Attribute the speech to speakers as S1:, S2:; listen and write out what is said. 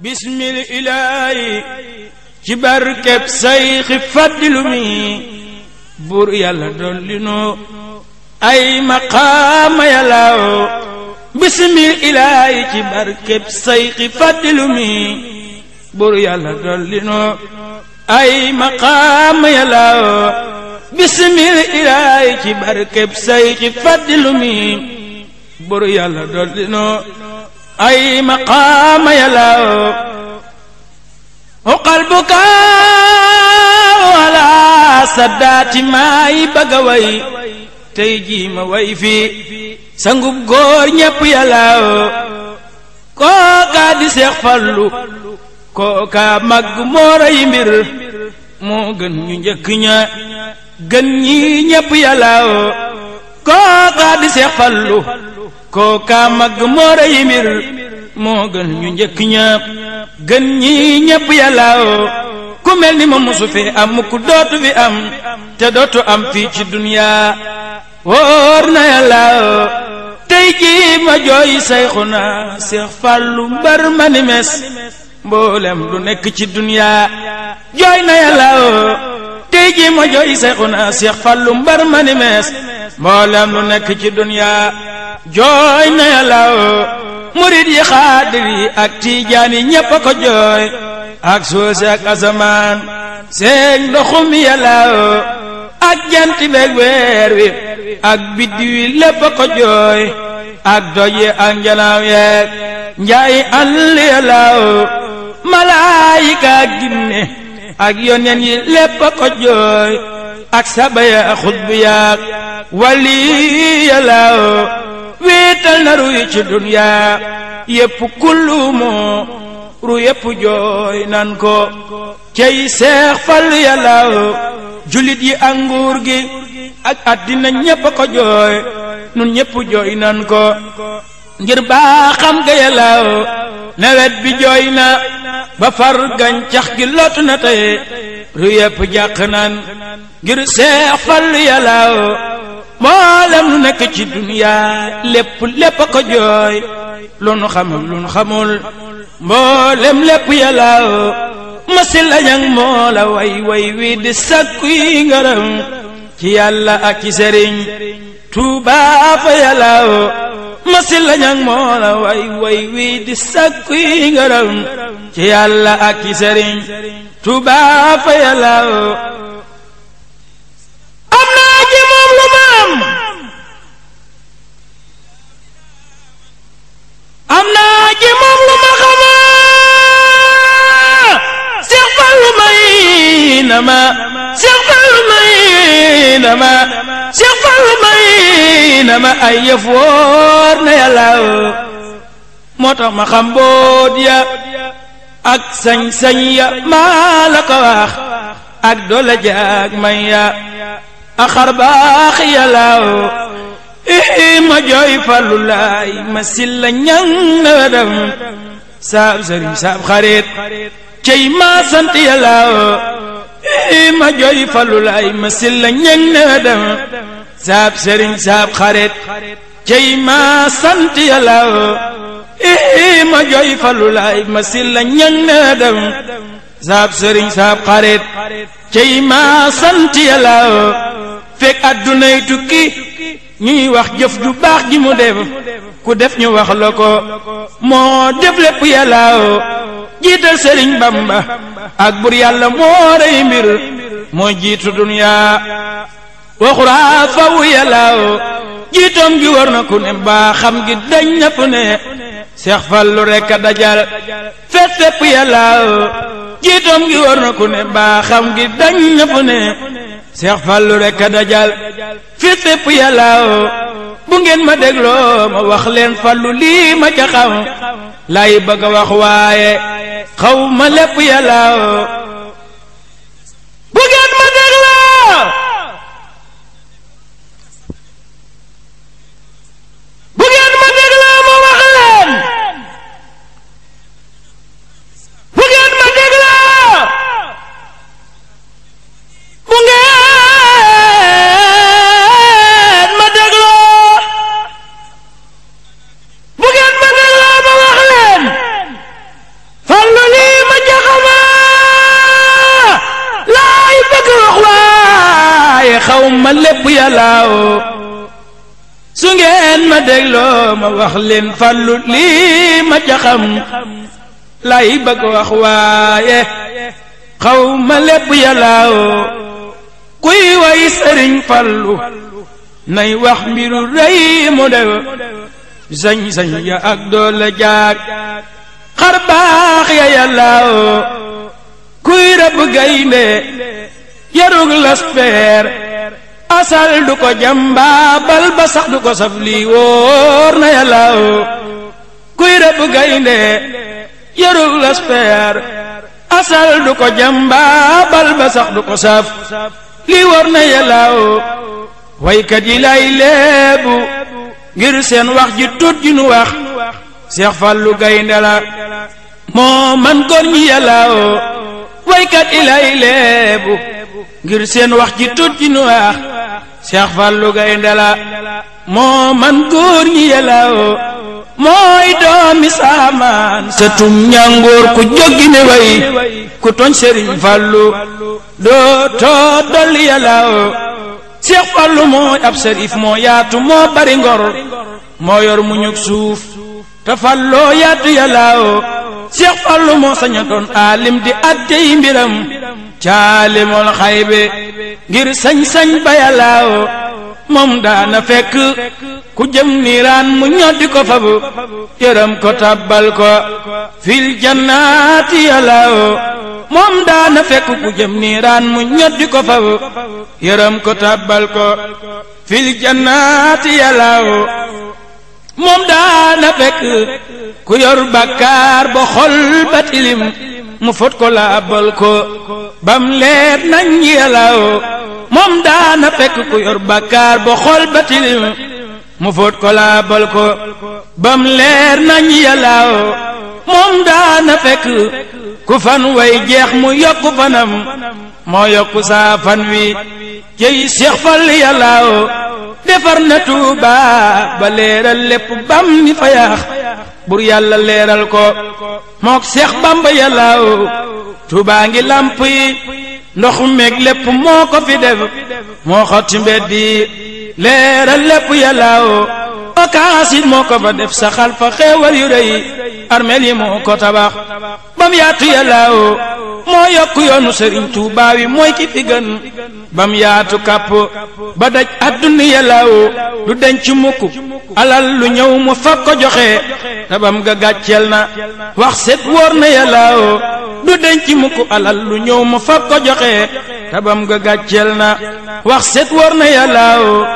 S1: bismil ilaahi ci barkeb sayxi faddilu mi buur yàlla dolli nu ay maqaama yàllaw bismil ilaahi ci barkeb sayxi faddilu mi buur yàlla dolli nu ay maqaama yalaw uqal bukaaw ala saddaati maay bëgg a way tey jii ma way fii sangub góor ñépp yalaw kookaa di seex fallu kookaa mag moo rey mbir gën ñu njëkk ña gën ñi ñépp yalaw kooka di Seex Fallu kooka mag moo rëy mbir gën ñu njëkk ñëpp gën ñi ñëpp yàllaawo ku mel ni ma musu fi am ku dootu fi am te dootu am fii ci duniyaa wóor na yàllaawo tey jii ma jooy sayxuna Seex Fallu mbar ma ni mes mboolem lu nekk ci duniyaa jooy na yàllaawo tey ji ma jooy Seexuna Seex mbar ma ni mees mboolem lu nekk ci duniyaa jooy na yàlla murid yi xaadir yi ak tiijaan yi ñépp a ko jooy ak suuf si ak asamaan seen ndoxum yàlla ak jant beeg weer wi ak biddiw yi ko jooy ak doj ak njanaaw yeeg njaayi àll yàlla malaayika ak ginne ak yoneen yi lépp a ko jooy ak sabaya xutbu yaag wali yalaaw wéetal na ru yi ci duniyaa yépp kullu moo ru yépp jooy ko cey seex fallu yalaaw julit yi ak gi ak àddina ñépp ko jooy nun ñépp jooy ko ngir baa xam ga yalaaw nawet bi jooy ba far gàncax gi lot na tey lu yépp jàq naan ngir seex fal yàllaaw mboolem lu nekk ci duniyaa lépp lépp a ko jooy lu nu xam ak lu nu xamul mboolem lépp yàllaaw masi lañang moo la way way di sàkku yi ngaram ci yàlla ak ci sëriñ Tuubaa fa yàllaaw masi lañang moo way way wii di sàkku yi ci yàlla ak i sëriñ Tuubaa am naa moom lu ma am am naa moom lu ma xama Seex Fallu may may na ma sama ay yëf na yàlla moo tax ma xam ak sañ-sañ ya maa la ko wax ak doole jaag may ya ak xarbaax yàlla ii ma jooy fàllu laay ma silla ñang na wedam saab sëriñ saab xarit cey maa sant yàlla ii ma jooy fàllu laay ma silla ñang na wedam saab sëriñ saab xarit cey ma sant yàlla ii eh, ma joy falu laay ma silla ñang na dem saab sëriñ saab xarit cey ma sant yàlla fekk addunay tukki ñuy wax jëf ju baax ji mu def ku def ñu wax la moo def lépp yàlla jiital sëriñ bamba ak bur yàlla moo rey mbir moo jiitu duniyaa waxuraa faw yalaaw jiitoom gi war na ku ne baa xam gi dañ na fu ne seex fallu rekk a dajal fépp fépp yalaaw jiitoom gi war na ku ne baa xam gi dañ na fu ne seex fallu rekk a dajal fépp fépp yalaaw bu ngeen ma dégloo ma wax leen fallu lii ma ca xam lay bëgg a wax waaye xaw ma lépp yalaaw xaw ma lépp yàllaaw su ngeen ma dégloo ma wax leen fàllu lii ma jaxam lay bëgg wax waaye xaw ma lépp yàllaaw kuy way sëriñ fàllu nay wax mbiru rëy mu dew sañ-sañ ya ak doole jaag xar baax ya yàllaaw kuy rëbb gaynde yarug laspeer asal du ko jamba ba sax du ko saf lii wóor na yàlla kuy rëbb gaynde yarug laspeer asal du ko jamba ba sax du ko saf lii wóor na yàlla waykat yi lay leebu ngir seen wax ji tut ji nu wax Seex Fallu gaynde la moo man góor ñi yàlla waykat ilay leebu ngir seen wax ji tut ci nu wax Cheikh Fallou Gaynde la moo man góor ñi yelaw mooy doomi saamaan sa tum ñàngoor ku jóggi ne way ku toñ sëriñ Fallou doo too dolli yelaw Cheikh Fallou mooy ab sërif moo yaatu moo bari ngor moo yor mu ñug suuf te Falloo yaatu yelaw Cheikh Fallou moo sañ a doon aalim di attey mbiram caalimul xaybe ngir sañ-sañ bayalaaw moom daana fekk ku jëm niiraan mu ñoddi ko fabu yërëm ko tabbal ko fil jannaati yalaaw moom daana fekk ku jëm niiraan mu ñoddi ko fabu yërëm ko tabbal ko fil jannaati yalaaw moom na fekk ku yor bakkaar ba xol ko laabal ko bam leer nañ yelaw xol ba ko laabal ko bam leer nañ yelaw moom daana moo yokk saa fan wi cey seex fal yelaw defar na tuuba ba leeral lépp bam ni fa yaax bur yàlla leeral ko mook seex bamba yàllaaw tuuba ngi làmp yi ndox meeg lépp moo ko fi def moo xotti mbedd yi leeral lépp yàllaaw okaasit moo ko fa def saxal fa xéewal yu rëy armeel yi moo ko tabax bam yaatu yàllaawoo moo yokk yoonu sëriñ Tuubaa wi mooy ki fi gën bam yaatu kàpp ba daj àdduna yàllaawoo du denc mukk alal lu ñëw mu fag ko joxe tabam ga gàcceel na wax set wóor na yàllaawoo du denc mukk alal lu ñëw mu fag ko joxe tabam ga gàcceel na wax set na yàllaawoo